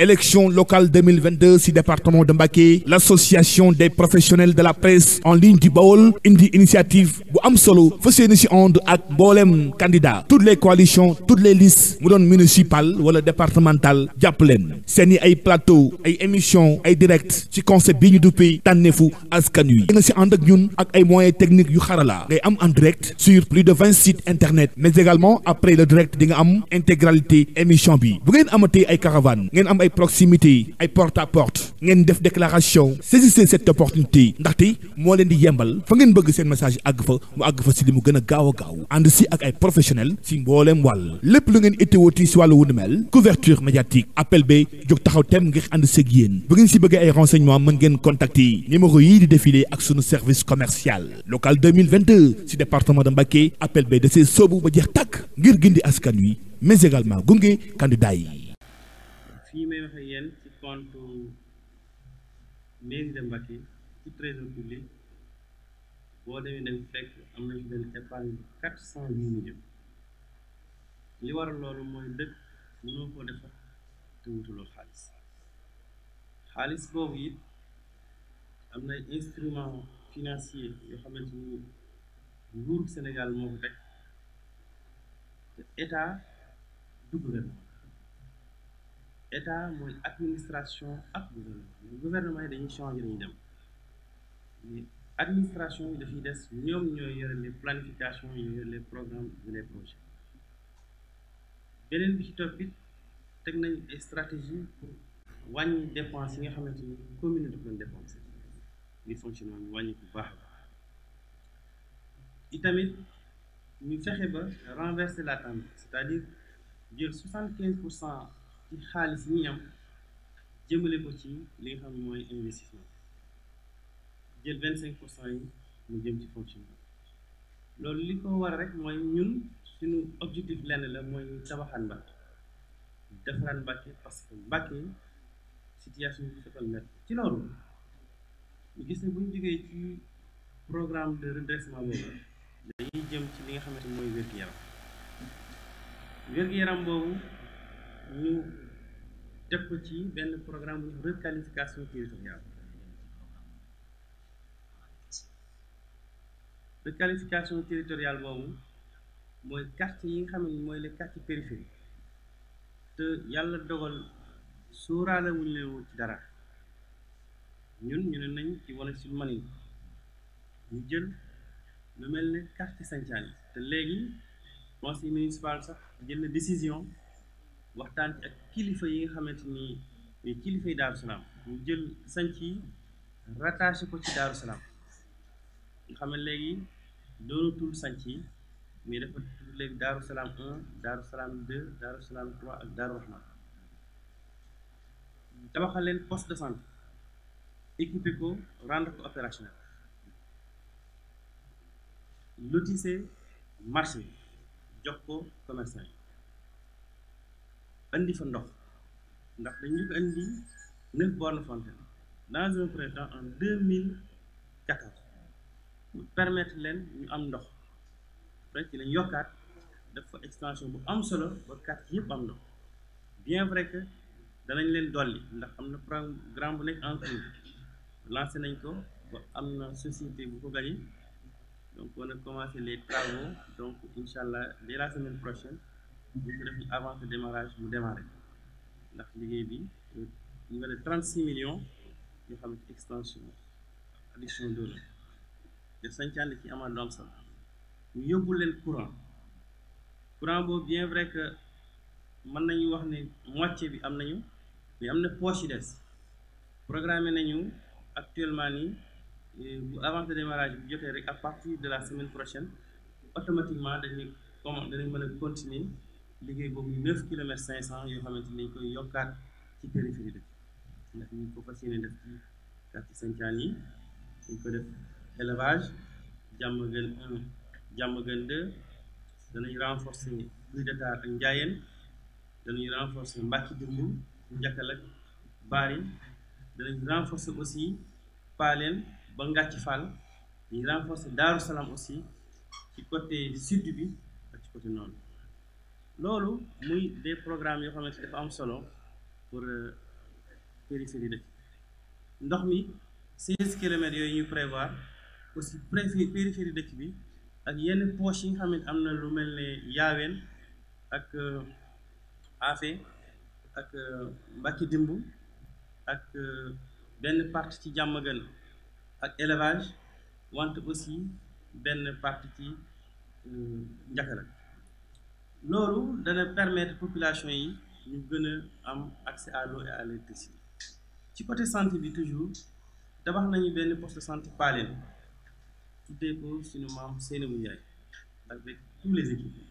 élection locale 2022 ci département de Mbacké l'association des professionnels de la presse en ligne du Baol indi initiative bu am solo fa seeni ci ànd ak mboolem candidat toutes les coalitions toutes les listes mu doon municipal wala départemental jàpp leen seeni ay plateau ay émission ay directes ci concept bi ñu duppee tànneefu askan wi nga ci ànd ak ñun ak ay moyen technique yu xarala ngay am en direct sur plus de vingt sites internet mais également après le direct di nga am intégralité émission bi bu ngeen amatee ay caravane ngeen am ay ay proximité yi ay porte à porte ngeen def déclaration saisissez cette opportunité ndaxte moo leen di yembal fa ngeen bëgg seen message àgg fa mu àgg fa si li mu gën a gaaw a gaaw ànd si ak ay professionnel si mbooleem wàll lépp lu ngeen ittewooti si wàllu wunu mel couverture médiatique appel ba jóg taxaw tem ngir ànd seeg yéen bu ngeen si bëggee ay renseignement mën ngeen contacter numéro yii di défilé ak sunu service commercial local 2022 si département de Mbacké appel ba da see soobu ba jeex tàkk ngir gindi askan wi mais fii may waxe yéen ci compte mairie de Mbacké ci trésor public boo demee dañ fekk am nañu benn épargne bu quatre cent huit millions li waral loolu mooy dëkk mënoo ko defar te wutuloo xaalis xaalis boobu it am na instrument financier yoo xamante ni nguur Sénégal moo ko état du gouvernement état mooy administration ak gouvernement gouvernement yi dañuy changer dañuy dem mais administration yi dafiy des ñoom ñooy yore les planifications ñooy yore les programmes et les projets beneen bi ci topp it teg nañ ay stratégie pour wàññi dépense yi nga xamante ni commune daf doon dépense li fonctionnement bi wàññi bu baax tamit ñu fexe ba renverser la tendance c'est-à-dire jël soixante pour cent ci xaalis ñi am jëmale ko ci li nga xam mooy investissement jël vingt cinq pour cent yi mu jëm ci fonctionnement loolu li ko war rek mooy ñun suñu objectif lenn la mooy tabaxaan Mbàkke defaraan Mbàkke parce que Mbàkke situation ci loolu ñu gis ne buñ ñu jógee ci programme de redressement boobu dañuy jëm ci li nga xamante mooy wér-gu-yaram wér-gu-yaram boobu ñu def ci benn programme bu requalification territoriale requalification teritoriale boobu mooy quartier yi nga xam ne mooy les quartiers périphériques te yàlla dogal suuraale wuñ leen woon ci dara ñun ñu ne nañ ci wala si mani ñu jël lu mel ne quartier sancaan te léegi conseil municipal sax jël na décision waxtaan ci ak kilifa yi nga xamante ni eh, kilifa yi daaru salaam jël sanc yi rattaché ko ci daaru nga xam léegi doonatul sanc yi mais dafa tudd léegi salaam un daaru salaam deux trois ak daaru rahman tabaxal leen poste de santé équipé ko rendre ko opérationnel lotissé marché jox ko commerçant yi andi fa ndox ndax dañuy ko andi neuf bornes fontaine dans un premier en deux mille quatorze pour permettre leen ñu am ndox après ci lañ yokkaat def fa extension bu am solo ba quartier yëpp am ndox bien vrai que danañ leen dolli ndax am na programme bu nekk en cours lancé nañ ko ba am na société bu ko gagné donc on a commencé les travaux donc incha allah la semaine prochaine bu avant démarrage mu démarré ndax liggéey bi euh, ñu nga def trente six millions yoo xam ne extension addiction d'eau te sañcaan ci amaat lu am solo ñu yóbbu leen courant courant boo bien vrai que mën nañu wax ni moitié bi am nañu mais am na poche yi des programmé nañu actuellement nii euh, bu avant le démarrage bu jotee rek à partir de la semaine prochaine automatiquement dañuy comment danañ mën a continuer liggéey boobu neuf kilomètres cinq cent yoo xamante ni dañ koy yokkaat ci périphérie def ndax ñu ko fas yéene def ci quartier Santhiane yi dañ ko def élevage Diamaguène un Diamaguène deux renforce renforcer Guy Dakar ak Ndiayène danañ renforcer Mbacké Diourmou Ndiakal ak Bari danañ renforcer aussi Paleen ba Ngàcc Fall dañ renforcer Daaru Salaam aussi ci côté sud bi ak ci côté nord loolu muy des programmes yoo xamante dafa am solo pour euh, périphérie dëkk ndox mi 16 kilomètres yooyu ñu prévoir aussi préfé périphérie dëkk bi ak yenn poche yi nga xam ne am na lu mel ne yaaween ak euh, afe ak euh, mbàkki dimb ak benn partie ci jàmm gën ak élevage wante aussi benn partie ci njakala loolu dana permettre population yi ñu gën a am accès à l'eau et à ci côté santé bi toujours tabax nañu benn poste de santé Paléne tuddee ko suñu maam Seynabou Ndiaye avec tous les équipements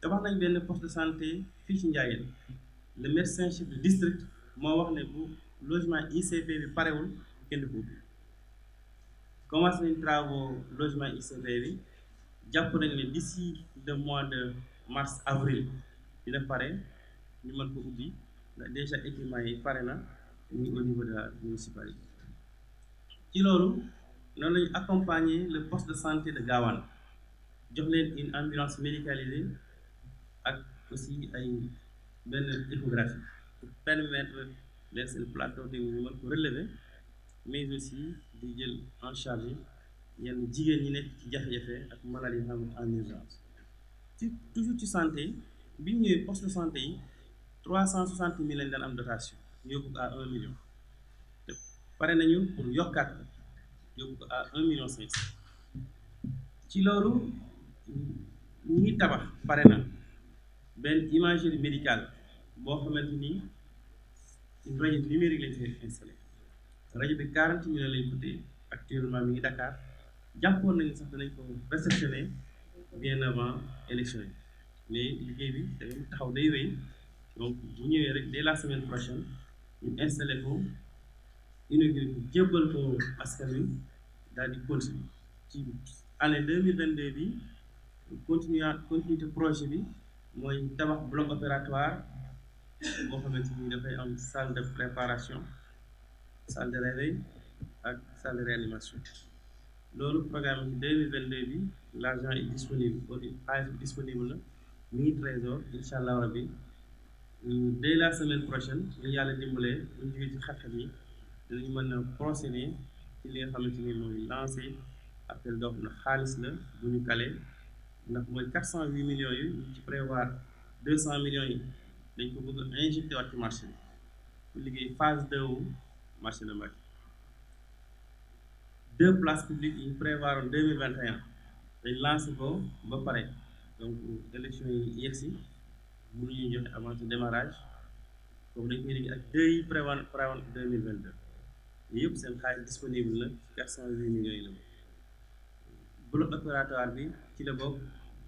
tabax nañu benn post de santé fii ci Ndiayène le médecin chef de district moo wax ne bu logement ICP bi parewul kenn du ko commencé nañu travaux logement ICP bi jàpp nañu ne d'ici le mois de mars avril dina pare ñu mën ko ubbi ndax déjà équipement yi pare na ñu au niveau de ci loolu noonu lañu accompagner le poste de santé de Gawane jox leen une ambulance médicalisée ak aussi ay benn échographie pour permettre leen seen plateau de ñu mën ko relever mais aussi di jël en charge yenn jigéen ñi nekk ci jafe-jafe ak maladie en urgence ci toujours ci santé yi bi ñu ñëwee poste de santé yi trois cent soixante mille lañ daan am dotation ñu yóbbu ko à un million pare nañu pour yokkaat ko yóbbu ko à un million cinq cent ci loolu ñi tabax pare na benn imagerie médicale boo xamante ni une rajo numérique lañ rajo bi quarante millions lañ coûté actuellement mi ngi Dakar jàppoon nañu sax danañ ko réceptionné bien élection yi mais liggéey bi da ngeen taxaw day wéy donc bu ñëwee rek dès la semaine prochaine ñu installé ko inauguré ko jébbal ko askan wi daal di continuer ci année deux mille bi continuer continuité projet bi mooy tabax bloc opératoire boo xamante ni dafay am salle de préparation salle de réveil ak salle de réanimation loolu programme bi deux mille vingt deux bi l' argent est disponible aussi xaalis bi disponible na mu ngi trésor incha allah rabi dès la semaine prochaine ñu yàlla dimbalee bu ñu ci xat-xat yi ñu mën a procéder ci li nga xamante ni mooy lancé appel d'offre na xaalis la buñu ñu ndax mooy quatre cent huit millions yi ñu ci prévoir deux cent millions yi dañ ko bëgg a injecté marché bi pour liggéey phase deux wu marché de Mbacké deux places publiques yu prévoiroon deux mille vingt et un dañ lancé ko ba pare donc élection yi yegg si mënuñu joxe avant ce démarrage foofu dañ koy liggéey ak deux yi mille vingt deux yëpp seen xaalis disponible la ci quatre cent huit millions la bokk bloc opératoire bi ci la bokk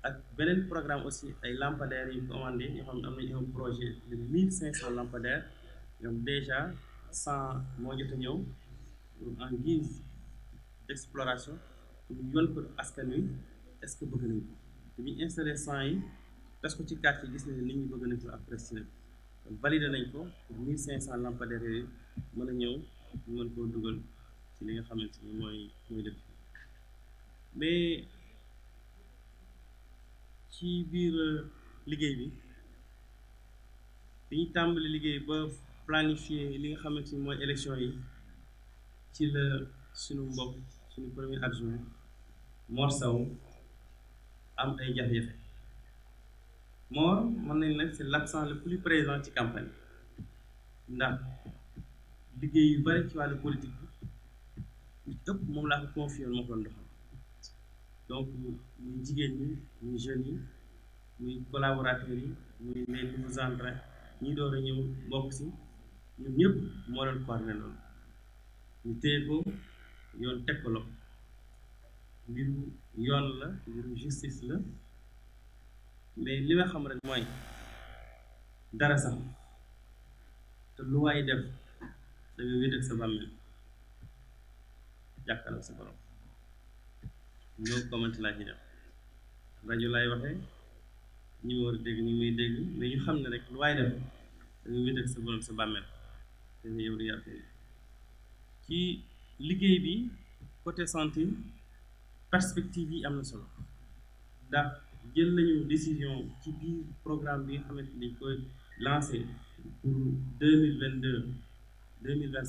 ak beneen programme aussi ay lampadaires yu commandé yoo xam ne am nañu un projet de mille cinq cent lampadaires ñoom déjà cent moo jot ñëw en guise exploration ñu yoon ko askan wi est-ce que bëgg nañ ko te ñu installé sang yi tas ko ci quartier gis nañ li ñu bëgg nañ ko après si kon nañ ko pour cent lampadaires yi a ñëw ñu mën koo dugal ci li nga xamante ni mooy mooy dëkk mais ci biir euh, liggéey bi dañuy tàmbali liggéey ba planifier li nga xamante ni mooy élection yi ci la sunu mbokk suñu premier adjoint Mor am ay jafe-jafe Mor mën nañ nag c'est l'accent le plus présent ci campagne ndax liggéey yu bari ci wàllu politique bi ëpp moom laa ko confié ma ko doon muy jigéen ñi muy jeunes yi muy collaborateurs yi muy les nouveaux entrants ñi door a bokk si ñun ñëpp moo doon coordonné ñu téye yoon teg ko yoon la mbiru justice la mais li nga xam rek mooy dara sax te lu waay def da nga wéet ak sa bàmmeel jàkkaarloo sa borom ñoo comment laa ci def rajo lay waxee ñi ma war a dégg ñi may dégg mais ñu xam ne rek lu waay def da nga wéet ak sa borom sa bàmmeel te yow di yàlla ci liggéey bi côté santé perspective yi am na solo ndax jël nañu décision ci biir programme bi nga xamante ni dañ koy lancé pour deux mille vingt li nga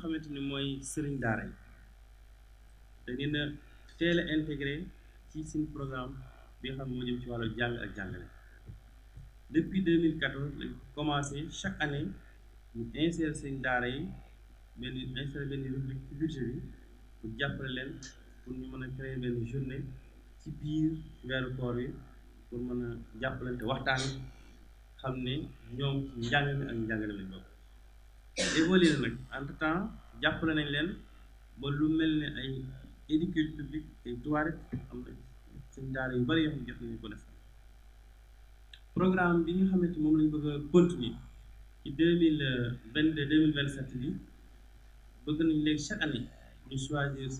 xamante ni mooy sëriñ daara yi da ngeen a teel a intégré ci suñu programme bi nga xam ne moo jëm ci wàllu jàng ak jàngale depuis 2014 lañ commencé chaque année ñu insérer sëriñ daara yi benn installé benn rubrique ci budget bi bu jàppale leen pour ñu mën a créer benn journée ci biir weeru koor yi pour mën a jàppale te waxtaan xam ne ñoom ci njàng mi ak njàngale lañ bokk évolué nag entre temps jàppale nañ leen ba lu mel ne ay édicule publique ay tuwaaret xam na seen daara yu bari yoo xam ne jot nañu ko def programme bi nga xamante moom lañ bëgg a continuer ci deux mille vingt deux deux mille vingt sept bi bëgg nañ léegi chaque année ñu choisir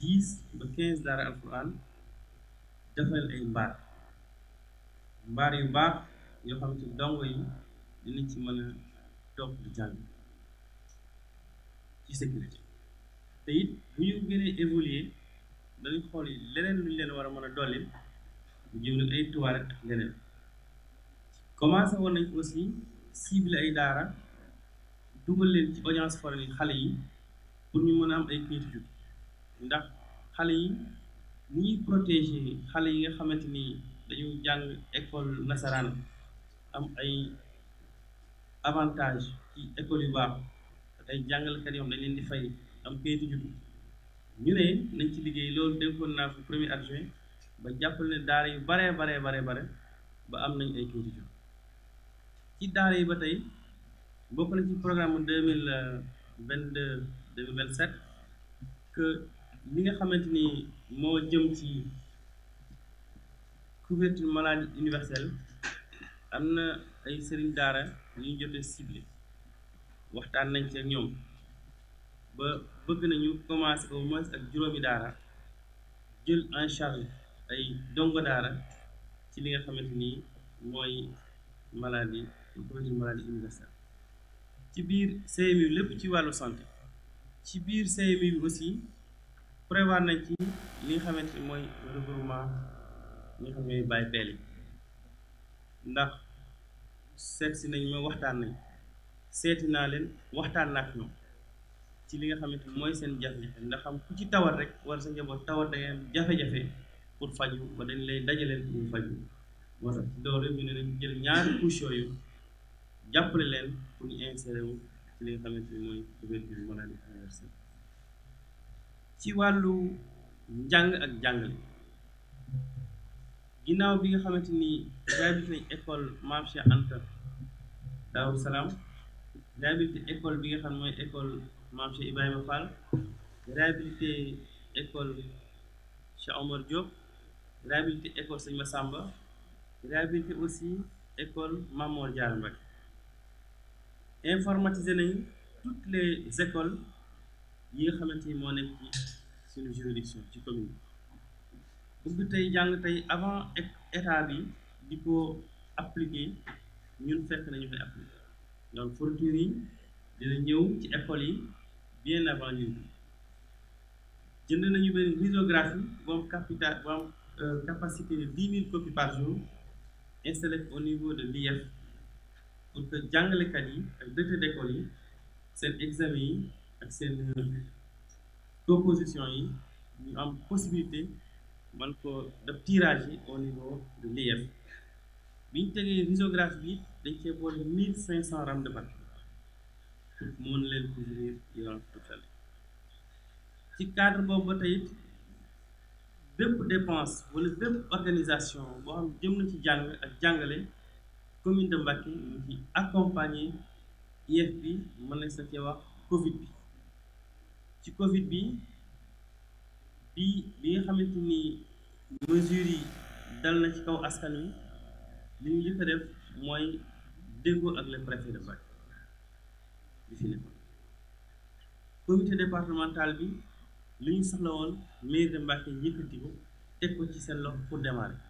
dix ba quinze daara alquran defal ay mbaar mbaar yu baax yoo xam te dongo yi dina ci mën a di jàng ci sécurité te it bu ñu gënee évoluer dañu xool yi leneen luñ leen war a mën a dolli bu jëm nag ay tuwaar leneen commencé woon nañ aussi cible ay daara dugal leen ci audience foraine yi xale yi pour ñu mën a am ay kayitu juddu ndax xale yi ni ñuy protéger xale yi nga xamante ni dañu jàng école nasaraan am ay avantage ci école yu baax ay jàngalkat yoom dañ leen di fay am kayitu juddu ñu ne nañ ci liggéey loolu dénkoon naa fi premier adjoint ba jàppal ne daara yu baree baree bare bare ba am nañ ay kayitu juddu ci daara yi ba tey bokk na ci mille euh, vingt deux deux nga xamante ni moo jëm ci couverture maladie universelle am na ay sëriñ daara ñu jotee ciblé waxtaan nañ ci ñoom ba bëgg nañu commencé au moins ak juróomi daara jël en ay dongo daara ci li nga xamante ni mooy maladie couverture maladie universelle ci biir CMU lépp ci wàllu santé ci biir CMU bi aussi prévoir nañ ci li nga xamante ni mooy regroupement ñi nga xam ne bàyyi peel yi ndax seet si nañ ma waxtaan nañ seeti naa leen waxtaan naa ak ñoom ci li nga xamante ni mooy seen jafe-jafe ndax xam ku ci tawat rek wala sa njaboot tawat da ngeen jafe-jafe pour faju ba dañ lay dajaleen pour faju moo tax loolu ñu ne dañ jël ñaari couche yooyu jàppale leen pour ñu inséré ci xamante ni mooy couverture maladie wàllu njàng ak jàngale ginnaaw bi nga xamante ni réhabilité nañ école Maam Cheikh Anta Daaru Salaam école bi nga xam ne mooy école Maam Cheikh Ibrahima Fall réhabilité école Cheikh Omar Diop réhabilité école Sëñ Massamba réhabilité aussi école Mamor Diarra Mbacké informatiser nañu toutes les écoles yi nga xamante ni moo nekk ci suñu juridiction ci commune bi tey jàng tey avant état bi di ko appliquer ñun fekk nañu koy appliquer donc fourniture yi dina ñëw ci école yi bien avant ñun jënd nañu benn risographie bu am capital bu am euh, capacité de dix mille copies par au niveau de l'IEF pour que jàngalekat yi ak directeur d'école yi seen examen yi ak seen euh, proposition yi ñu am possibilité man ko def tirage yi au niveau de l'IEF bi ñu tegee risographie bi dañ cee boole mille cinq cent rames de bac pour mën leen couvrir durant toute l'année ci cadre boobu ba tey it bépp dépense wala bépp organisation boo xam jëm na ci jàng ak jàngale commune de Mbacké mu ngi accompagner IEF bi mën nañ sa cee wax Covid bi ci Covid bi bi bi nga xamante ni mesures yi dal na ci kaw askan wi li ñu njëkk def mooy déggoo ak le préfet de Mbacké bi fi nekkoon comité bi li ñu soxla woon maire de Mbacké yëkkati ko teg ko ci seen loxo pour démarrer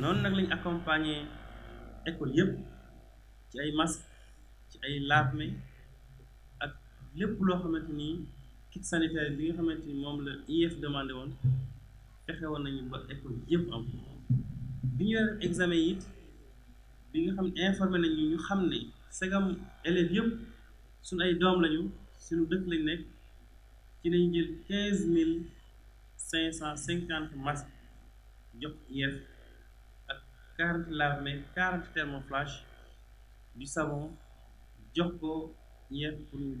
noonu nag lañ accompagner. école yëpp ci ay masque ci ay laabme ak lépp loo xamante ni kit sanitaire bi nga xamante ni moom la IEF demandé woon fexe woon nañu ba école yëpp am bi ñu def examen yi bi nga xam informe nañu ñu xam ne segam élèves yëpp sun ay doom lañu suñu dëkk lañ nekk ci lañu jël quinze mille cinq cent cinquante masques jox IEF 40 lave-mains 40 thermoflash du savon jox ko ñeent pour ñu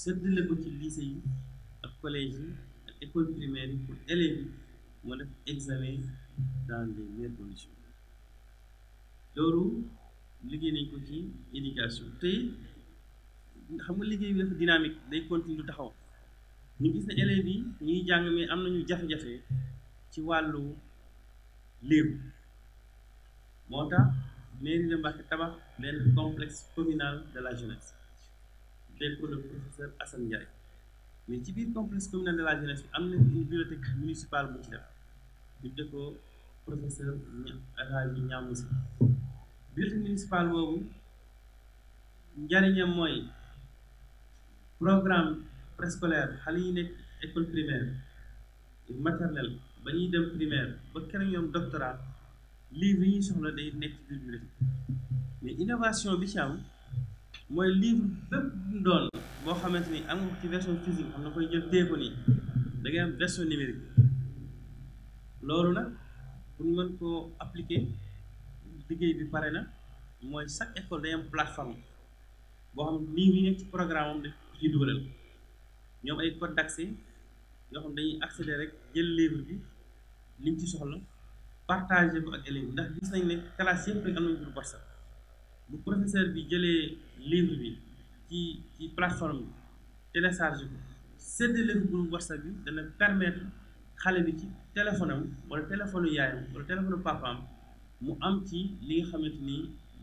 séddale ko ci lycée yi ak collège yi ak école primaire yi pour élèves yi moo def examen dans les meilleures conditions loolu liggéey nañ ko ci éducation te xam nga liggéey bi dafa dynamique day continue du taxaw ñu gis ne élèves yi ñuy jàng mais am nañu jafe-jafe ci wàllu léeru moo tax mairie de Mbacké tabax benn complexe communal de la jeunesse dégg ko professeur Assane Ndiaye mais ci biir complexe communal de la jeunesse am na une bibliothèque municipale bu ci def tudde ko professeur Rabi Niamousi bibliothèque municipale boobu njariñam mooy programme préscolaire xale yi nekk école primaire maternelle ba ñuy dem primaire ba keroog ñoom doctorat livre yi ñuy soxla day nekk ci biir bi mais innovation bi ci am mooy livre bépp doon boo xamante ni am nga ci version physique xam na koy jël téye ko nii da ngay am version numérique loolu na pour ñu mën koo appliquer liggéey bi pare na mooy chaque école day am plateforme boo xam livre yi nekk ci programme am daf ci dugalal ñoom ay code d'accès yoo xam dañuy accéder rek jël livre bi liñ ci soxla partagé ko ak élèves ndax gis nañ ne classe yëpp rek am nañ groupe WhatsApp bu professeur bi jëlee livre bi ci ci plateforme bi télécharge ko séddale ko groupe WhatsApp bi dana permettre xale bi ci téléphone am wala téléphone yaayam wala téléphone papaam mu am ci li nga xamante ni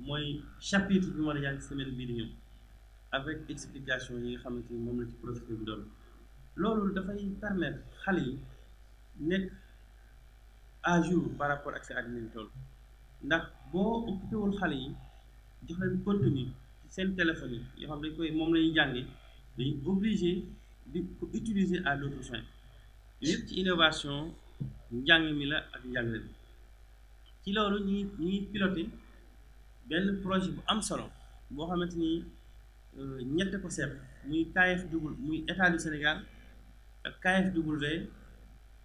mooy chapitre bi mu war semaine bii di ñëw avec explication yi nga xamante ni moom la ci professeur bi doon loolu dafay permettre xale yi nekk. à jour par rapport ak sa àddina tool ndax boo occupé wul xale yi jox leen contenu ci seen téléphone yi yoo xam dañ koy moom lay jànge dañu obligé di ko utiliser à d'autres fins yëpp ci innovation njàng mi la ak njàngale bi ci loolu ñuy ñu ngi benn projet bu am solo boo xamante ni euh, ñett ko seet muy KFW muy état du Sénégal ak KFW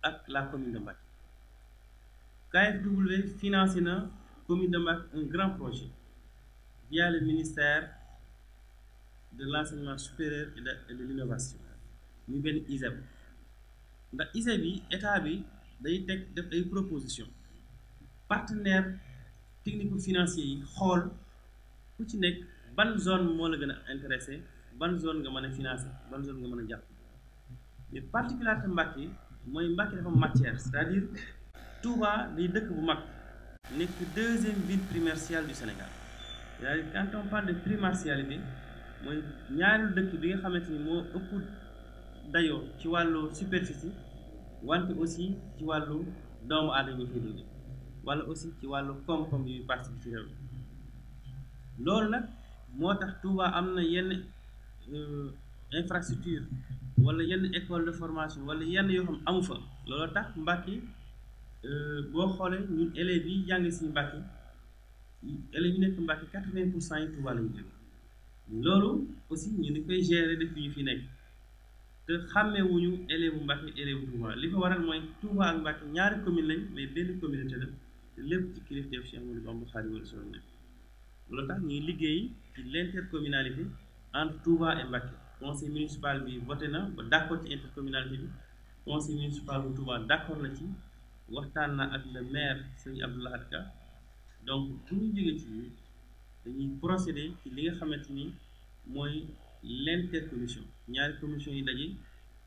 ak la commune de Mbacké KFW financé na commune de un grand projet via ministère de l'enseignement supérieur et de et de l'innovation muy benn ISEP ndax ISEP yi état bi day teg def ay proposition partenaire technique financier yi xool ku ci nekk ban zone moo la gën a intéressé ban zone nga mën a financé ban zone nga mën a jàpp mais particularité Mbacké mooy Mbacké dafa matière cest dire Touba day dëkk bu mag nekk deuxième ville primatiale du Sénégal c'est-à-dire quand on parle de mooy ñaareelu dëkk bi nga xamante ni moo ëpp dayoo ci wàllu superficie wante aussi ci wàllu doomu aadama yi fi dund wala aussi ci wàllu koom-koom bi participe ci réew mi loolu nag moo tax Touba am na yenn euh, infrastructure wala yenn école de formation wala yenn yoo xam amu fa looloo tax Mbàkke Euh, boo xoolee ñu élèves yi jàng si Mbàkke élèves yi nekk Mbàkke quatre-vingt pour cent yi Tuuba lañu jàng loolu aussi ñu ni koy gérer def ñu fi nekk te xàmmewuñu éléve bu Mbàkke élèves bu Tuuba li ko waral mooy Tuuba ak Mbàkke ñaari commune lañ mais benn communauté la te lépp ci kilifteef Cheikh Ahmadou Bamba Xaadimu Rasuul nekk loolu tax ñuy liggéey ci l'intercommunalité entre Touba et Mbacké conseil municipal bi voté na ba d'accord ci intercommunalité bi conseil municipal bu Touba d'accord na ci waxtaan na ak le maire sëñ Abdou Lahad Ka donc bu ñu jógee ci ñu dañuy procéder ci li nga xamante ni mooy l'intercommission ñaari commission yi daje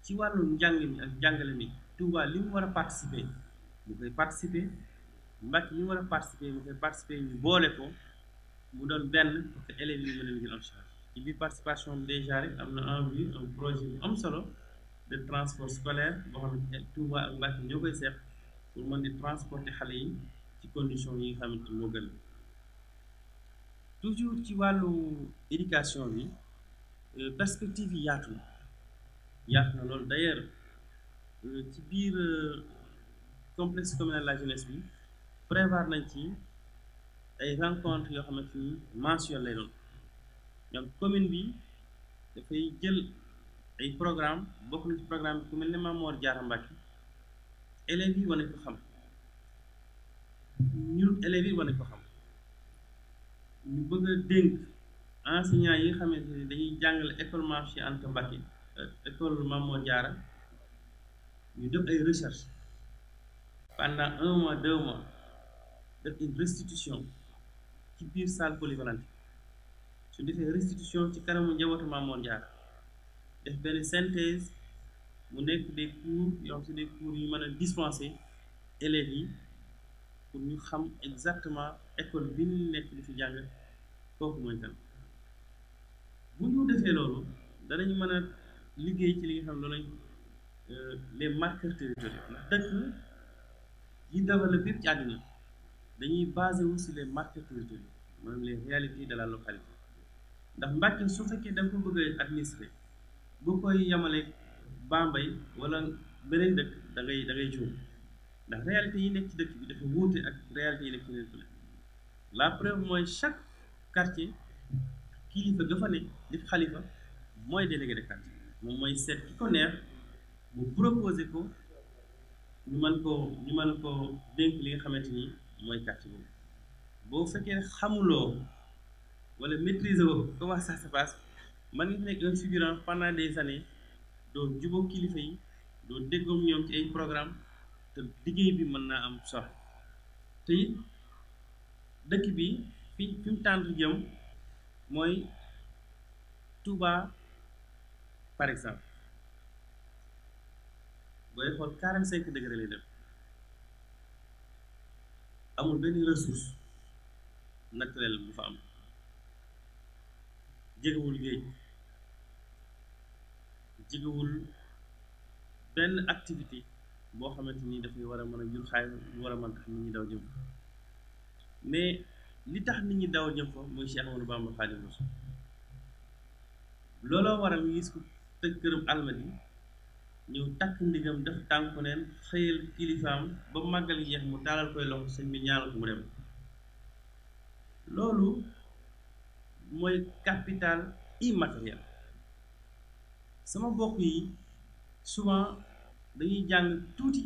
ci wàllu njàng mi ak jàngale mi Touba li mu war a participer mu koy participer Mbàkke li mu war a participer mu koy participer ñu boole ko mu doon benn parce que élèves yi ñu leen jël en charge ci biir participation bi déjà rek am na en vue un projet bu am solo de transport scolaire boo xam ne Touba ak Mbàkke ñoo pour mën di transporter xale yi ci condition yi nga xamante moo gën toujours ci wàllu éducation bi euh, perspective yi yaatu na yaatu na loolu d'ailleurs euh, ci biir euh, complexe communal de la jeunesse bi prévoir nañ ci ay rencontre yoo xamante ni mensuel lay doon donc commune bi dafay jël ay programme bokk na ci programme bi ku mel ne Maam Mor Jaara yi élèves yi war nañ ko xam ñun élèves yi war ko xam ñu bëgg dénk enseignants yi nga xamante ni dañuy jàngale école Mame Cheikh euh, école Mame Mor ñu def ay recherche pendant un mois deux mois def une restitution ci biir salle polyvalente su defee restitution ci karamu njabootu Mame Mor def benn synthèse mu nekk des cours yoo si des cours yu mën a dispenser élèves yi pour ñu xam exactement école bi ñu nekk di fi jàng kooku mooy kan bu ñu defee loolu danañu mën a liggéey ci li nga xam loolu euh, les marqueurs territoriaux ndax dëkk yi développé yëpp ci àddina dañuy basé wu si les marqueurs territoriaux maanaam les réalités de la localité ndax Mbàkke su fekkee da nga ko bëgg a bu koy yemale Bambey wala beneen dëkk da ngay da ngay ndax réalité yi nekk ci dëkk bi dafa wuute ak réalité yi nekk ci neen fële la preuve mooy chaque quartier kilifa ga fa ne mooy délégué de quartier moom mooy seet ki ko neex mu proposé ko ñu mën ko ñu mën ko dénk li nga xamante ni mooy quartier boobu boo fekkee xamuloo walla maîtriser woo comment ça sa passe man nga nekk un figurant pendant des années doo jubóo kilifa yi doo déggoom ñoom ci ay programme te liggéey bi mën naa am soxla te dëkk bi fi fi mu tànn mooy Touba par exemple booy xool quarante cinq degré lay dem amul benn ressource naturelle bu fa am jegewul géej jegewul benn activité boo xamante ni dafay war a mën a jur xaay war a mën tax nit ñi daw jëm fa mais li tax nit ñi daw jëm fa mooy Cheikh Ahmadou Bamba Xaadimu Rasuul looloo gis ko tëj këram almadi ñëw takk ndigam def tànku neen xëyal kilifaam ba màggal jeex mu taalal koy loxo sëñ bi ñaanal ko mu dem loolu mooy capital immatériel sama mbokk yi souvent dañuy jàng tuuti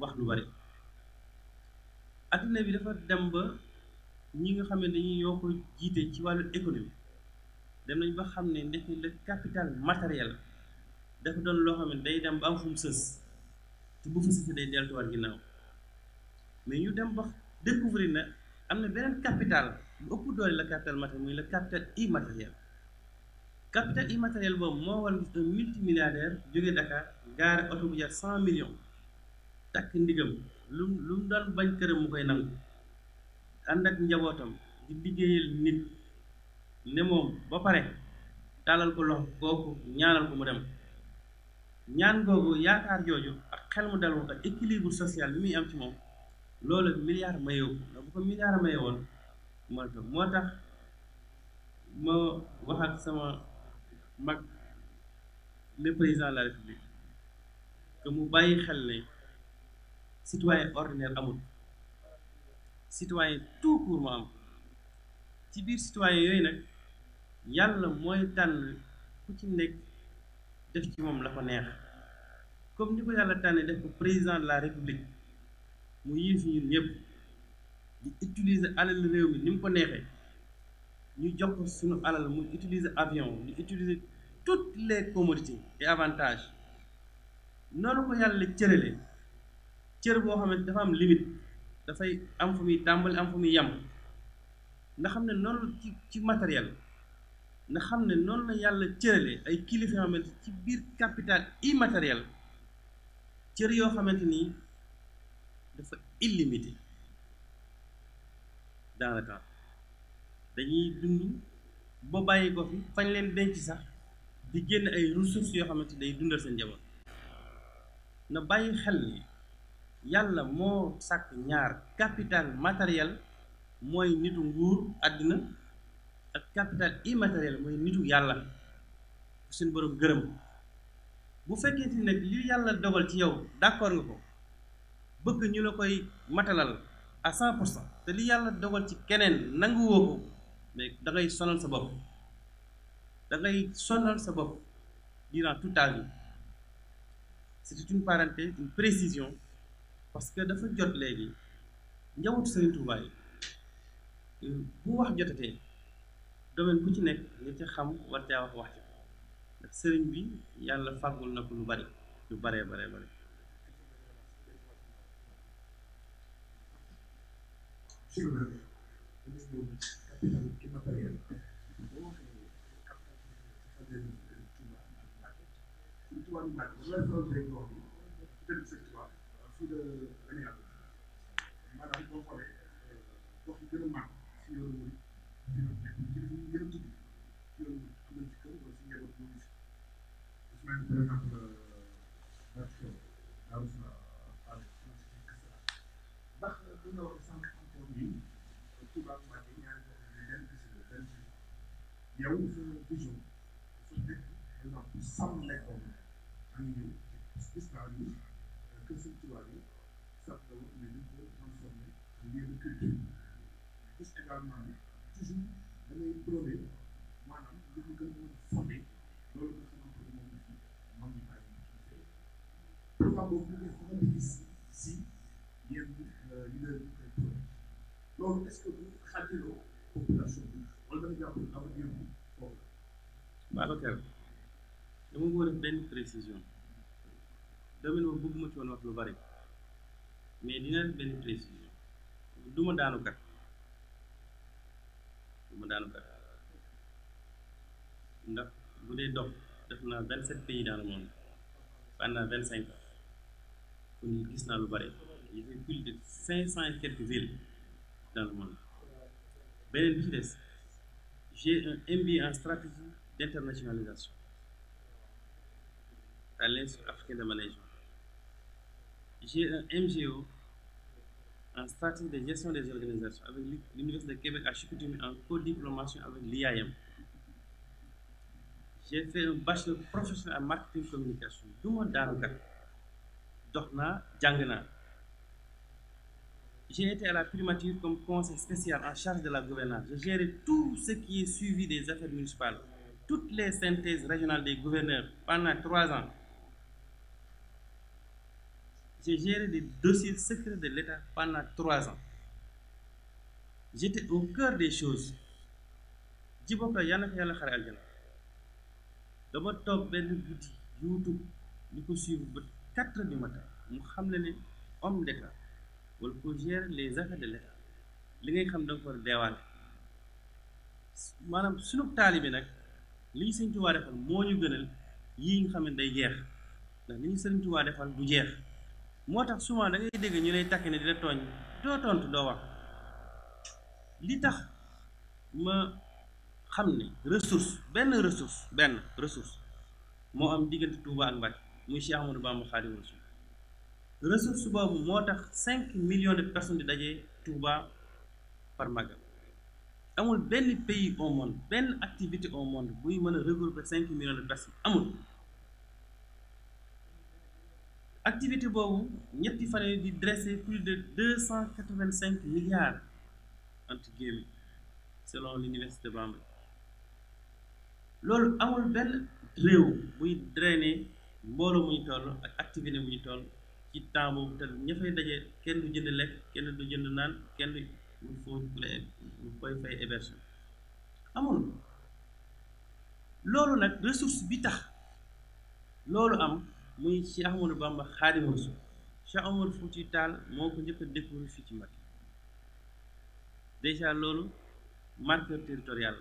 wax lu bari adduna bi dafa dem ba ñi nga xam ne dañuy ñoo ko jiite ci wàllu économie dem nañ ba xam ne ndekk le capital matériel dafa doon loo xam ne day dem ba am fu mu sës te bu fa sësee day deltuwaat ginnaaw mais ñu dem ba découvrir na am na beneen capital bu ëpp doole la capital matériel muy le capital immatériel capital immatériel boobu moo war un multimilliardaire jóge Dakar gaare oto bu jar cent millions takk ndigam lu lu mu doon bañ këram mu koy nangu ànd ak njabootam di liggéeyal nit ne moom ba pare dalal ko loxo kooku ñaanal ko mu dem ñaan googu yaakaar jooju ak xel mu dal ak équilibre social bi muy am ci moom loolu milliard mayoo ko bu ko milliard mayoo moo tax moo tax sama mag le président la république que mu bàyyi xel ne citoyen ordinaire amul citoyen tout court mu am ci biir citoyen yooyu nag yàlla mooy tànn ku ci nekk def ci moom la ko neex comme ñu ko yàlla tànnee def ko président la république mu yiif ñun ñëpp di utiliser alal réew mi ni mu ko neexee ñu jox ko suñu alal mu utiliser avion di utiliser toutes les commodités et avantages noonu ko yàlla cërale cër boo xam ne dafa am limite dafay am fu muy tàmbali am fu muy yam nga xam ne noonu ci ci matériel nga xam ne noonu la yàlla cërale ay kilifa yoo ci biir capital matériel cër yoo xamante nii dafa illimité daanaka dañuy dund ba bàyyi ko fi fañ leen denc sax li génn ay ressources yoo xamante day dundal seen njaboot na bàyyi xel ni yàlla moo sàkk ñaar capital matériel mooy nitu nguur àddina ak capital immatériel mooy nitu yàlla seen borom gërëm bu fekkee ci nag li yàlla dogal ci yow d'accord nga ko bëgg ñu la koy matalal a cent pour cent te li yàlla dogal ci keneen nanguwoo ko mais da sonal sa bopp da ngay sonal sa bopp durant toute ta vie une parenthèse précision parce que dafa jot léegi njabootu Serigne Touba euh, bu wax jotatee domaine ku ci nekk nga ca xam war caa wax wax ci ndax sëriñ bi yàlla fàggul na ko lu bari lu baree baree bari Thank ak yeneen Touba ak Mbacké suñu Touba ak Mbacké la projet bi wax bi tamit sëñ Touba fii la la ñu yàgg maanaam boo xoolee gox yi gën a màgg si yoonu Mouride dina nekk ci li ñu gën a tudd si yoonu Mouride am nañ ci kër wala si njaboot bu gis Ousmane par exemple Barthé Daarou Salaam ndax li nga wax sànq encore nii Touba ak Mbacké ñaari gox yi benn bis la benn bis yow sa vision sàmm l'école en ligne parce que gis naa ni kër sëñ Tuubaa bi sax nga wax ne dañ ko transformé en lieu de culture gis également ni toujours damay prôné maanaam lu mu gën a mën a fondé loolu nga xamante ni moom la fi mag ñi bàyyi pourquoi boobu ñu koy faral di gis si yenn leader yi koy prôné loolu est-ce que bu xaajaloo population bi wala dana jàpp avenir bi foofu la. Babacar. dama bëgg def benn précision domaine boobu bëgguma ci wax lu bari mais dina def benn précision duma daanukat duma daanukat ndax bu dee dox def naa vingt sept pays dans le monde pendant vingt cinq ans kon gis naa lu bari il fait plus de cinq cent et quelques villes dans le monde beneen bi ci un MBA en stratégie d' à l'Institut africain de management. J'ai un MGO en stratégie de gestion des organisations avec l'Université Québec à Chicoutimi en co avec l'IAM. J'ai fait un bachelor professionnel en marketing communication du ma daanu kat dox jàng naa. J'ai été à la primature comme conseil spécial en charge de la gouvernance. Je gérais tout ce qui est suivi des affaires municipales, toutes les synthèses régionales des gouverneurs pendant trois ans. j'ai géré les dossiers secrets de l'État pendant trois ans j'étais au cœur des choses Djibo yaa yàlla na yàlla xare aljana dama toog benn guddi YouTube li ko suivre ba quatre du matin mu xam ne ne homme d'État wala ko gérer les affaires de l'État li ngay xam da nga ko war a deewaale maanaam sunu taalibe nag li ñu Sëriñ Tuubaa defal moo ñu gënal yii nga xam ne day jeex ndax li ñu Sëriñ Tuubaa defal du jeex moo tax souvent da ngay dégg ñu lay takk ne di la tooñ doo tontu doo wax li tax ma xam ne ressource benn ressource benn ressource moo am diggante Touba ak Mbacke muy Cheikh Ahmadou Bamba Khadimu Rasul ressource boobu moo tax cinq millions de personnes di dajee Touba par Magal amul benn pays au monde benn activité au monde buy mën a regrouper cinq millions de personnes amul activité boobu ñetti fan di dressé plus de deux cent quatre vingt cinq milliards entre guillemets selon lu l'université Bambey loolu amul benn réew buy drainer mbooloo muy toll ak activité muy toll ci temps te ña fay daje kenn du jënd lekk kenn du jënd naan kenn du foo ñu koy fay héberge amul loolu nag ressource bi tax loolu am muy Cheikh Ahmadou Bamba Xaadimu Rasuul Cheikh Omar Fouti taal moo ko njëkk a fii ci Mbacké dèjà loolu marqueur territorial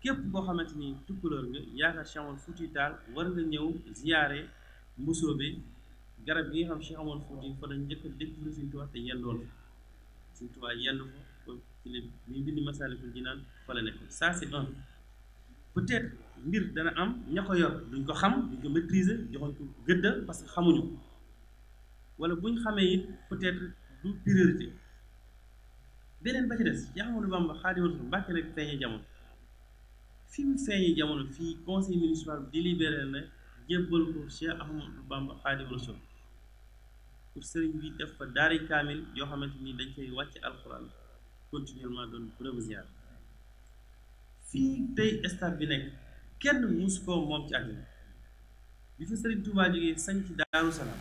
képp koo xamante ni tukkulóor nga yaakaar Cheikh Omar Fouti taal war nga ñëw ziyaare mbusoobe garab gi nga xam Cheikh Omar Fouti fa dañ njëkk a découvrir Sëriñ Tuubaa te yendoon fa Sëriñ Tuubaa yendu fa ci li muy bind Masaalikul Jinaan fa la nekk ça c'est un peut-être mbir dana am ña ko yor duñ ko xam duñ ko maîtriser joxoñ ko gëdd parce que xamuñu ko wala buñ xamee it peut-être du priorité beneen ba ci des ci Ahmadou Bamba Xaadimu Rasuul Mbàkke nag feeñee jamono fi mu feeñee jamono fii conseil municipal délibéré na jébbal ko Cheikh Ahmadou Bamba pour sëriñ bi def fa daari kaamil yoo xamante ni dañ koy wàcc alxuraan continuellement doon preuve fii tey stade bi nekk kenn musu koo moom ci àddina bi fa Sëriñ Tuubaa jógee sañ ci Daaru Salaam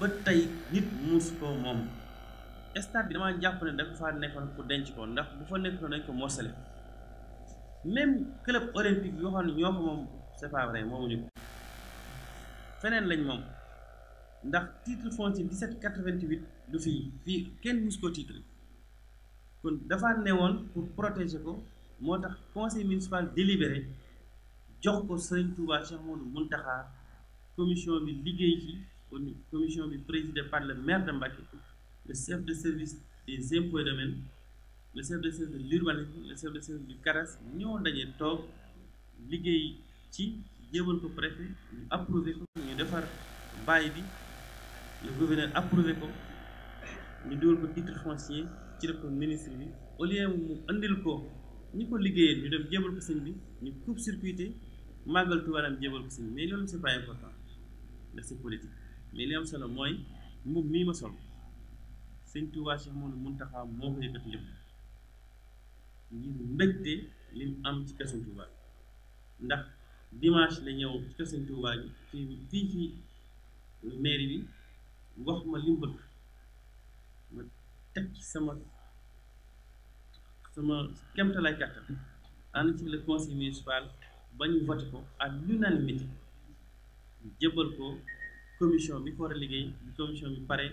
ba tey nit musu koo moom stade bi damaa jàpp ne dafa faa nekkoon pour denc ko ndax bu fa nekkoon dañ ko morcelé même club olympique bi waxoon ñoo ko moom c'est pas vrai feneen lañ moom ndax titre foncier 1788 du fii fii kenn musu koo titre kon dafa newoon pour protéger ko moo tax conseil municipal délibéré jox ko Serigne Touba Cheikh Modou Mountakha commission bi liggéey ci commission bi présidée par le maire de Mbacké le chef de service des impôts de domaines le chef de service de l'urbanisme le chef de service du CARAS ñoo daje toog liggéey ci jébal ko préfet ñu approuvé ko ñu defar bail bi le gouverneur approuvé ko ñu dugal ko titre foncier ci def ko ministre bi au lieu mu indil ko ñi ko liggéeyee ñu dem jébal ko sëñ bi ñu coupe circuité màggal Tuubaa dem jébal bi mais loolu sa pas important ndax c'est politique mais li am solo mooy mbubb mii ma sol sëñ Tuubaa Cheikh Mouhamadou Mountakha moo ko yëkkati lépp ngir mbégte li am ci kër sëñ Tuubaa ndax dimanche la ñëw ci kër sëñ bi fii fii ci mairie bi wax ma li mu bëgg ma teg sama sama kéemtalaay kàttan ànd ci le conseil municipal ba ñu voté ko à l'unanimité jëbbal ko commission bi ko war a liggéey bi commission bi pare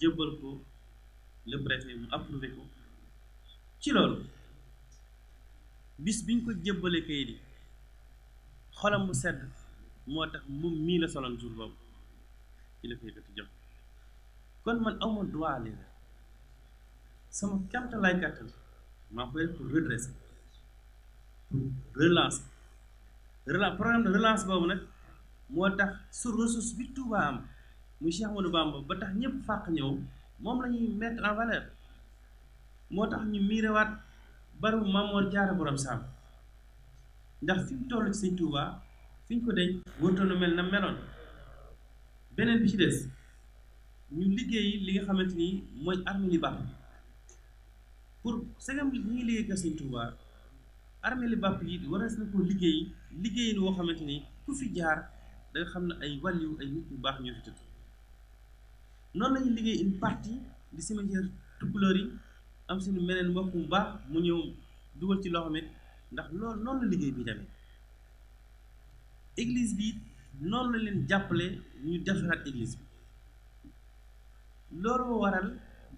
jëbbal ko le préfet mu approuvé ko ci loolu bis biñ ko jëbbale kayit yi mu sedd moo tax moom mii la soloon jour boobu ci la koy kon man awma droit sama kéemtalaay kàttan ma pare pour redresser pour relancer relance programme de relance boobu nag moo tax su ressource bi Touba am muy Cheikh Ahmadou Bamba ba tax ñëpp fàq ñëw moom lañuy ñuy en valeur moo tax ñu miirewaat barabu Mamoor Jaara borom saam ndax fi mu toll ci sëñ Touba fi ñu ko denc wërtoon na mel na meloon beneen bi ci des ñu liggéey li nga xamante ni mooy armée baax pour segam ñi ngi liggéey ak Sëñ Tuubaa armée li bàpp yi war na ko liggéey liggéeyin woo xamante ni ku fi jaar da xam na ay wàlliw ay nit ñu baax ñoo fi tëdd noonu lañu liggéey une partie di cimetière tukulóor yi am suñu meneen mbokk mu baax mu ñëw dugal ci loo ndax loolu noonu liggéey bi tamit église bi noonu la leen jàppale ñu defaraat église bi loolu waral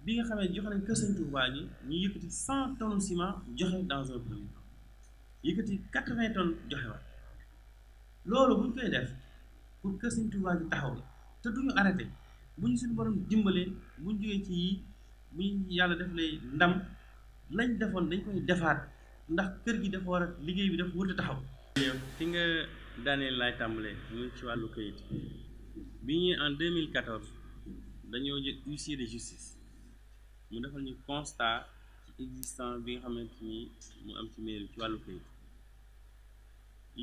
bi nga xamee joxe nañ kër Sëñ Tuubaa ji ñu yëkkati cent tonnes ciment joxe dans un premier temps yëkkati quatre vingt tonnes joxe waat loolu bu ñu koy def pour kër Sëñ Tuubaa ji taxaw la te duñu arrêté bu ñu suñu borom dimbalee bu ñu jógee ci yii bu ñu yàlla def lay ndam lañ defoon dañ koy defaat ndax kër gi dafa war a liggéey bi dafa wërta taxaw fi nga daaneel laay tàmbalee muy ci wàllu këyit bi ñuy en 2014 dañoo jël huissier de justice mu defal ñu constat ci existant bi nga xamante ni mu am ci mairie ci wàllu kayit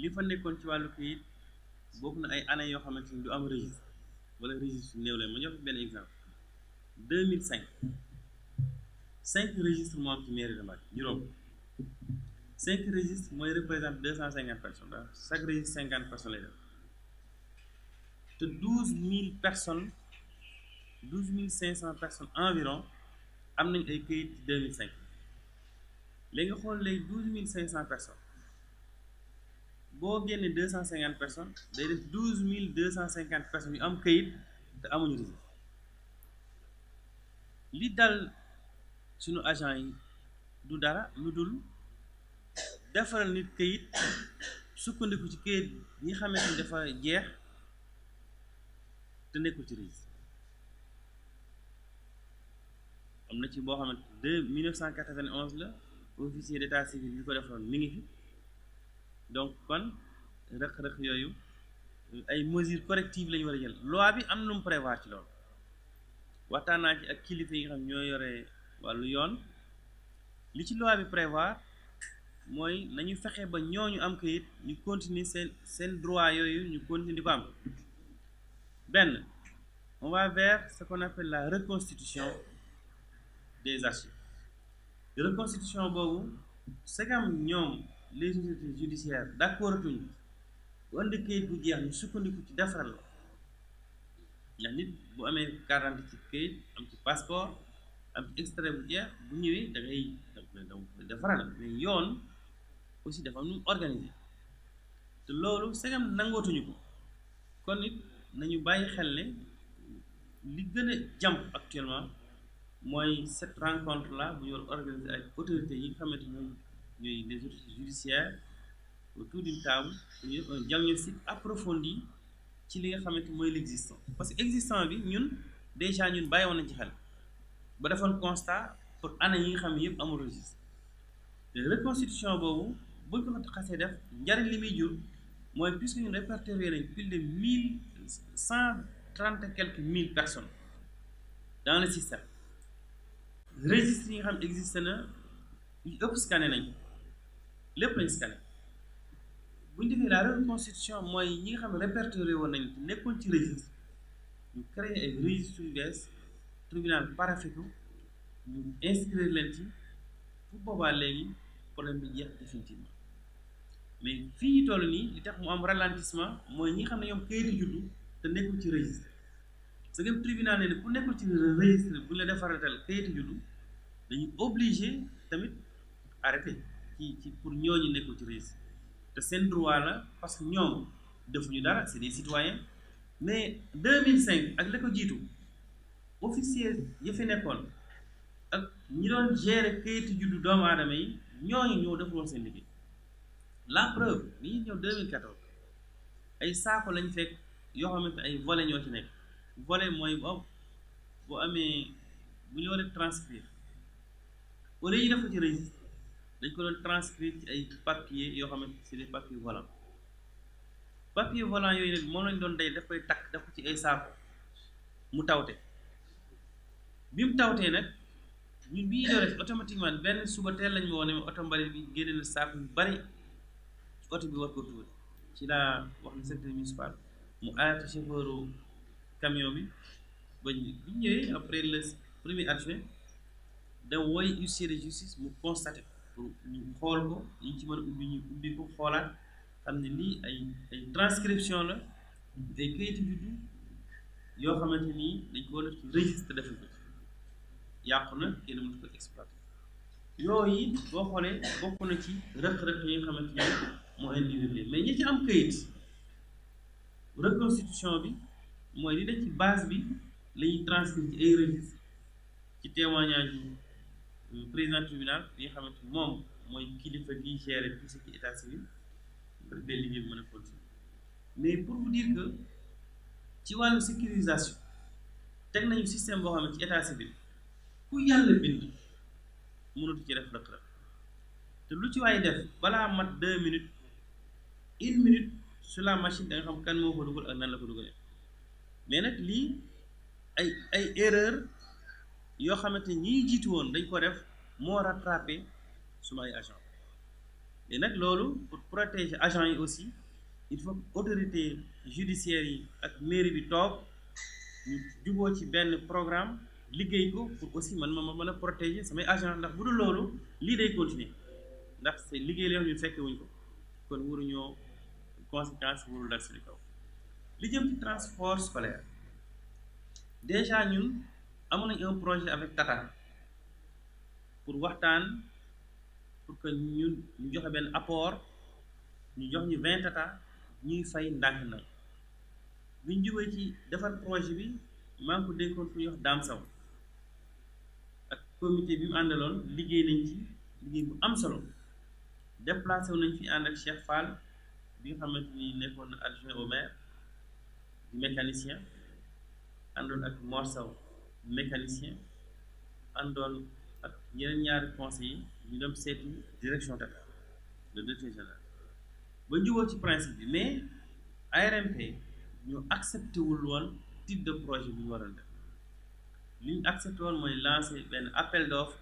li fa nekkoon ci wàllu kayit bokk na ay années yoo xamante ni du am registre wala registre néew la ma jox benn exemple 2005 cinq registres moo am ci mairie de Mbacké juróom cinq registres mooy représente deux cent cinquante personnes daal chaque registre cinquante personnes lay def te douze mille personnes douze mille cinq cent personnes environ am nañ ay këyit ci deux mille cinq léegi nga xool léegi douze mille cinq cent personnes boo génnee deux cent cinquante personnes day def douze mille deux cinquante personnes yu am këyit te amuñu réseau li dal suñu agent yi du dara mu dul defaral nit këyit sukkandiku ci këyit yi xamante ni dafa jeex te nekkul ci réseau am na ci boo xamante de 1991 la officier d' état civil bi ko defoon mi ngi fi donc kon rëq-rëq yooyu ay mesures corrective la ñu war a jël loi bi am lu mu prévoir ci loolu waxtaan naa ci ak kilifa yi nga xam ñoo yore wàllu yoon li ci loi bi prévoir mooy nañu fexe ba ñooñu am kayit ñu continuer seen seen droit yooyu ñu continuer di ko am benn on va vers ce qu'on appelle la reconstitution des archives reconstitution boobu segam ñoom les autorités judiciaires d'accord tuñu bu andi kayit bu jeex ñu sukkandiku ci defaral la ndax nit bu amee quarante ci kayit am ci passeport am ci extrait bu jeex bu ñëwee da ngay defaral mais yoon aussi dafa am nu te loolu segam nangootuñu ko kon it nañu bàyyi xel ne li gën a jàmp actuellement mooy cette rencontre là bu ñu war organiser ak autorités yi nga xamante ñooy ñooy les autorités judiciaires autour d'une table dañuy def un diagnostic ci li nga xamante mooy l'existant parce que existant bi ñun déjà ñun bàyyi woon nañ ci xel ba defoon constat pour année yi nga xam ne yëpp amul registre reconstitution boobu buñ ko fa xasee def njariñ li muy jur mooy puisque ñun répertorié nañ plus de mille cent trente et quelques mille personnes dans le système registre yi nga xam existe na yu ëpp scanné nañ lépp lañ scanné bu ñu defee la reconstitution mooy ñi nga xam ne répertorié woon nañ nekkoon ci registre ñu créé ay registre yu bees tribunal parafeku ñu inscrire leen ci pour boobaa léegi problème bi jeex définitivement mais fii ñi toll nii li tax mu am ralentissement mooy ñi nga xam ne ñoom kayit di juddu te nekkul ci registre su ngeen tribunal ne ku nekkul ci registre bu ñu la defaratal kayitu juddu dañu obligé tamit arrêté ci ci pour ñooñu nekkul ci registre te seen droit la parce que ñoom defuñu dara c'est des citoyens mais cinq ak la ko jiitu officier ya fi nekkoon ak ñi doon gérer kayitu juddu doomu aadama yi ñooñu ñoo defuloon seen liggéey la preuve ni ñëw 2014 ay saako lañu fekk yoo xamante ay volets ñoo ci nekk. volet mooy bu bu amee bu ñu war a transcrire au lieu ko ci registre dañ ko doon transcrire ay papier yoo xamante c'est des papiers volants papier volant yooyu nag moom lañ doon day daf koy takk daf ci ay saako mu tawte bi mu tawtee nag ñu bi ñu automatiquement benn suba teel lañ ma woon ne oto mbalit bi génne na saako yu bari oto bi war ko tuur ci laa wax ne secteur municipal mu arrêté chauffeur camion bi ba ñu ñëwee après le premier adjoint da woy huissier de justice mu constaté pour xool ko ñi ci mën a ubbi ñu ubbi ko xoolaat xam ne lii ay ay transcription la day kayitu juddu yoo xamante nii dañ ko ci registre defal ko yàqu na kenn mënu ko exploité yooyu boo xoolee bokk na ci rëq-rëq yi nga xamante ni moo indi mais ñi ci am kayit reconstitution bi mooy li ne ci base bi la ñuy ci ay registre ci euh, président tribunal bi nga xamante moom mooy kilifa gi gérer tout ce qui est état civil benn liggéey bi mën a continuer mais pour vous dire que ci wàllu sécurisation teg nañu système boo xam ne ci état ci def rëkk te lu ci waay def balaa mat deux minutes une minute sur la machine da nga xam kan moo ko dugal ak nan la ko dugalee mais nag lii ay ay erreur yoo xamante ñiy jiitu woon dañ ko def moo rattrapé suma ay agent mais nag loolu pour protéger agent yi aussi il faut autorité judiciaire yi ak mairie bi toog ñu juboo ci benn programme liggéey ko pour aussi man ma ma mën a protéger samay agent ndax bu dul loolu lii day continuer ndax c'est liggéey la ñu fekke wuñ ko kon waruñoo conséquence warul dal suñu kaw li jëm ci transport scolaire déjà ñun amoon nañ un projet avec Tata pour waxtaan pour que ñun ñu joxe benn apport ñu jox ñu vingt Tata ñuy fay ndànk na bi ñu ci defar projet bi maa ngi ko dénkoon fu ñuy wax Dame Sow ak comité bi mu àndaloon liggéey nañ ci liggéey bu am solo déplacé wu nañ fi ànd ak Cheikh Fall bi nga xamante ni nekkoon na adjoint au maire mécanicien àndoon ak Mor Sow mécanicien àndoon ak yeneen ñaari conseil yi ñu dem seeti direction Dakar le directeur ba njuboo ci principe bi mais ARMP ñu accepté wul woon type de projet bi ñu waroon def li ñu accepté woon mooy lancer benn appel d'offre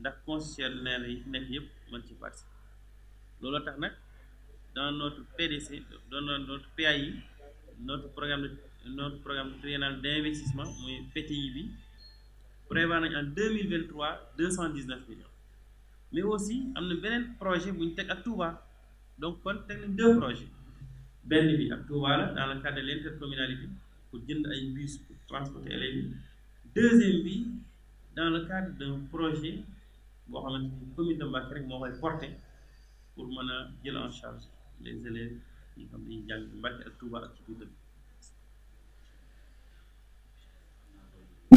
ndax concessionnaire yi nekk yëpp mën ci participer looloo tax nag dans nootu PDC dans notre PAI notre programme notre programme triennal d' investissement mooy PTI bi prévoir nañ en deux mille vingt trois deux cent dix neuf millions mais aussi am na beneen projet bu ñu teg ak Touba donc pan teg nañ deux projets benn bi ak Touba la dans le cadre de l' pour jënd ay bus pour transporter élèves deuxième bi dans le cadre d'un projet boo xam ni commune de rek moo koy porté pour mën a jël en charge les yi nga mi jeex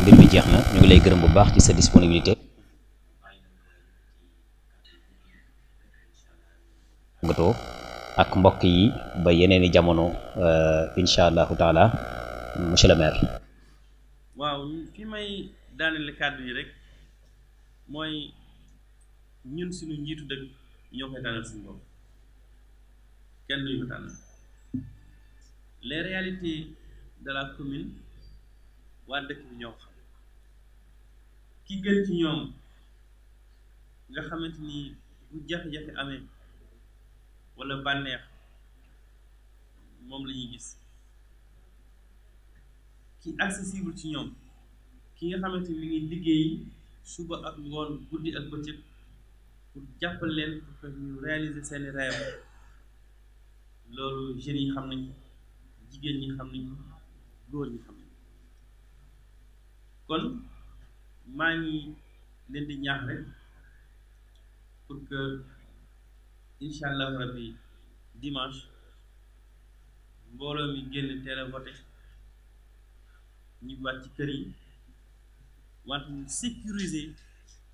na ñu ngi lay gërëm bu baax ci sa disponibilité tàggatoo ak mbokk yi ba yeneeni jamono euh, insha allahu taala monsieur le maire waaw fi may daaneel kàddu yi rek mooy ñun suñu njiitu dëkk ñoo koy daaneel suñu bopp kenn duñu ko tànn les réalités de la commune waa dëkk bi ñoo xam ki gën ci ñoom nga xamante ni bu jafe amee wala bànneex moom la gis ki accessible ci ñoom ki nga xamante ni mi ngi liggéey suba ak ngoon guddi ak bëccëg pour jàppal leen pour ñu réaliser seeni rêve loolu jeunes yi xam nañ jigéen ñi xam nañ góor ñi xam nañ kon maa ngi leen di ñaax rek pour que incha allah rabbi dimanche mbooloo mi génn teel a ñu baat ci kër yi wante ñu sécuriser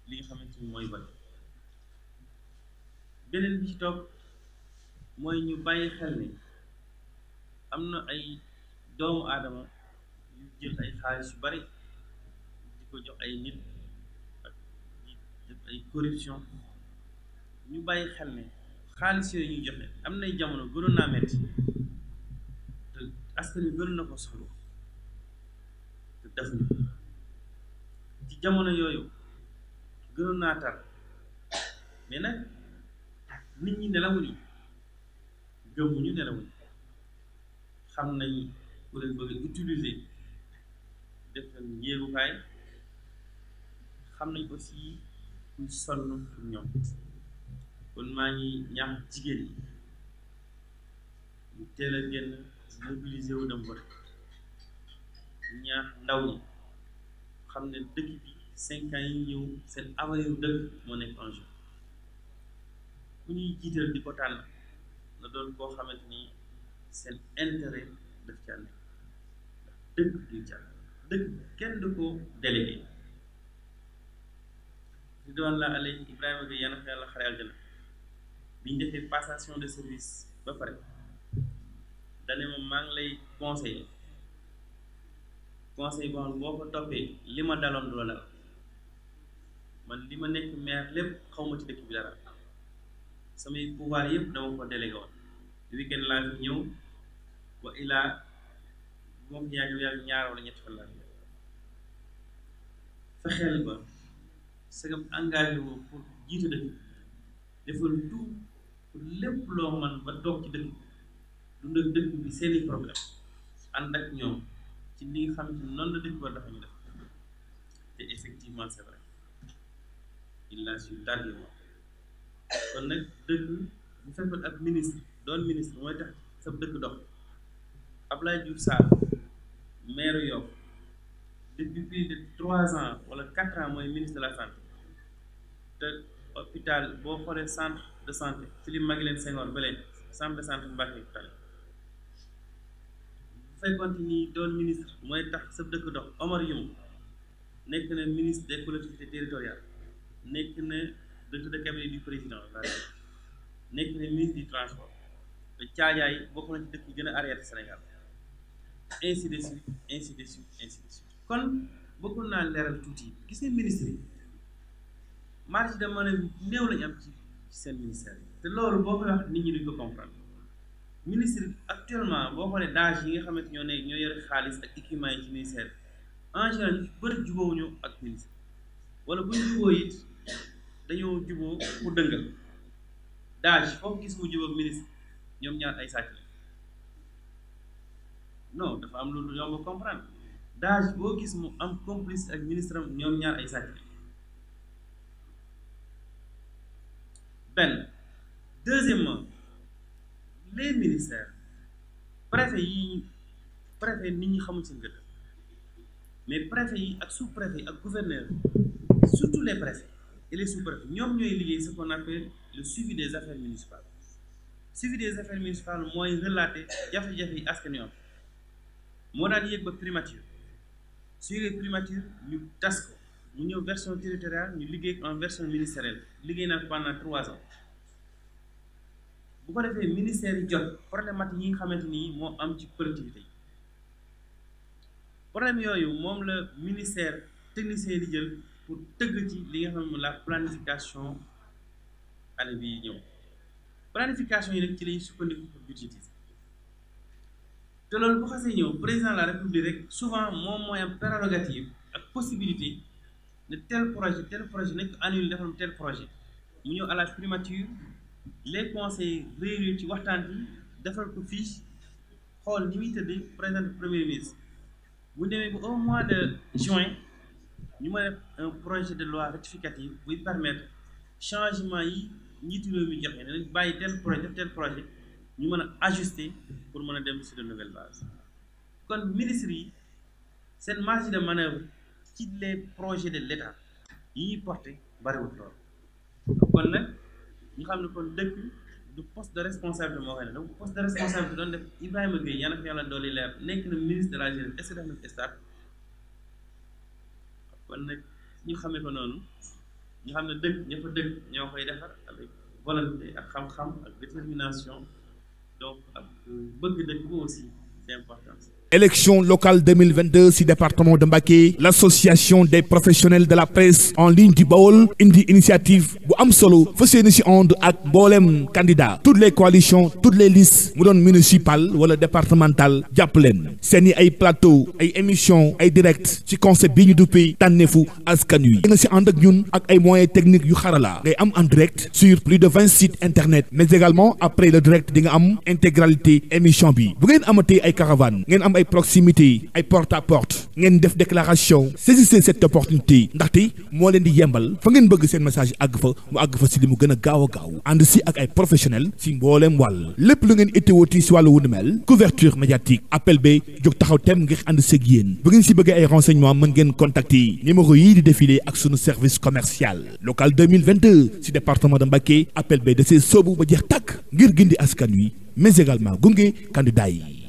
li nga xamante ni mooy vote beneen ci topp mooy ñu bàyyi xel ni am na ay doomu aadama yu jël ay xaalis yu bari di ko jox ay nit ak ay corruption ñu bàyyi xel ne xaalis yooyu ñuy joxe am nay jamono gënoon naa metti te askan na ko soxla te jamono yooyu gënoon naa tar mais nit ñi nelawuñu gëmmuñu nelawuñ xam nañ ku leen bëgg a utiliser def leen yéegukaay xam nañ aussi kuy sonn pour ñoom kon maa ngi ñaax jigéen yi ñu teel a génn mobiliser wu dem vote ñaax ndaw ñi xam ne dëkk bi cinq yi ñëw seen avenir dëkk moo nekk en ku ñuy jiital di ko tànn na doon koo xamante ni seen intérêt daf dëkk du jàpp dëkk kenn du ko délégué ridwan la alay ibrahima bi yàlla ba pare dane moom maa ngi lay conseiller conseil boo xam boo ko toppee li ma daloon du dal man li ma nekk maire lépp xaw ma ci dëkk bi dara samay pouvoir yëpp dama ko délégué woon ci weekend laa fi ñëw wa ilaa moom yaa ñëw yàlla ñaar wala ñetti fan laa fi fexeel ba sagam engagé wu jiite dëkk defal tout lépp loo man ba toog ci dëkk dund dëkk bi seeni problème ànd ak ñoom ci li xam ne noonu la dëkk war dafa ñu def te effectivement c'est vrai il a su tardivement kon nag dëkk bu fekkoon ab ministre doon ministre mooy tax sab dëkk dox Abdoulaye Diouf Sarr maire Yoff depuis de trois ans wala quatre ans mooy ministre de la santé te hôpital boo xoolee centre de santé Philippe Maguilène Senghor ba léegi centre de santé Mbacké bu tane bu fekkoon doon ministre mooy tax sab dëkk dox Omar Youm nekk na ministre des collectivités territoriales nekk na directeur de cabinet du président nekk na ministre du transport caajaay bokk na ci dëkk yi gën a arrière Sénégal ainsi de suite ainsi de suite ainsi de suite kon bëggoon naa leeral tuuti gis nga ministre yi marge de manœuvre néew lañu am ci seen ministère te loolu boo koy wax nit ñi duñ ko comprendre ministre actuellement boo xoolee dages yi nga xamante ñoo ne ñoo yore xaalis ak équipement yi ci ministère bi en général ñu ak ministre wala bu ñu jubóo dañoo jubóo pour dëngal dages foofu gis mu jubóo ministre ñoom ñaar ay sàcc la non dafa am loolu yomb comprendre daaj boo gis mu am complice ak ministre am ñoom ñaar ay sàcc la benn deuxièmement les ministères préfet yi préfet nit ñi xamul seen gëdd mais préfet yi ak sous préfet yi ak gouverneur surtout les préfets et les sous préfets ñoom ñooy liggéey ce qu'on appelle le suivi des affaires municipales saisie des affaires municipales mooy relater jafe-jafe yi askan yoon moo daan yéeg ba primature su yéegee primature ñu tas ko mu ñëw version territoriale ñu liggéey en version ministérielle liggéey naa ko trois ans bu ko defee ministère yi jot problématique yi nga xamante ni moo am ci collectivité yi problème yooyu moom la ministère technicien di jël pour tëgg ci li nga xam la planification année bi ñëw. planification yi nag ci lañu sukkandiku pour budgétiser te loolu bu xasee ñëw président de la république rek souvent moom mooy am prérogative ak possibilité ne tel projet tel projet nañ ko annulé defal tel projet mu ñëw à la primature les conseils réunis ci waxtaan bi defal ko fiche xool ni muy tëdd président premier ministre bu demee ba au mois de juin ñu mën a un projet de loi rectificative buy permettre changement yi njiitu réew mi joxe ne nañ bàyyi tel projet def tel projet ñu mën a ajuster pour mën a dem sur de nouvelle base kon ministre yi seen marge de manœuvre ci les projet de l' yi ñuy porté bariwul lool kon nag ñu xam ne kon dëkk du poste de responsabilité moo koy ne donc poste de responsabilité doon def Ibrahima Gueye yàlla na ko yàlla dolli leer nekk na ministre de la jeunesse est ce que def na état kon nag ñu xamee ko noonu ñu xam ne dëgg ña fa dëgg ñoo koy defar avec volonté ak xam-xam ak détermination donc ak euh, bëgg dëgg ko aussi c'est important élection locale 2022 ci département de Mbacké l'association des professionnels de la presse en ligne du Baol indi initiative bu am solo fa seeni ci ànd ak mboolem candidat toutes les coalitions toutes les listes mu doon municipal wala départemental jàpp leen seeni ay plateau ay émission ay directes ci concept bi ñu duppee tànneefu askan wi nga ci ànd ak ñun ak ay moyen technique yu xarala ngay am en direct sur plus de vingt sites internet mais également après le direct di nga am intégralité bi bu ngeen amatee ay caravane ay yi ay porte à ngeen def déclaration saisissez cette opportunité moo leen di yembal fa ngeen bëgg seen message àgg fa mu fa si li mu gën a gaaw a gaaw si ak ay professionnel si mbooleem wàll lépp lu ngeen ittewooti si wàllu wu ni mel couverture médiatique appel ba jóg taxaw tem ngir ànd seeg yéen bu ngeen si bëggee ay renseignement mën ngeen contacter numéro yii di défilé ak sunu service commercial local 2022 si département de Mbacké appel ba da see soobu ba jeex tàkk ngir gindi askan wi mais également gunge candidat yi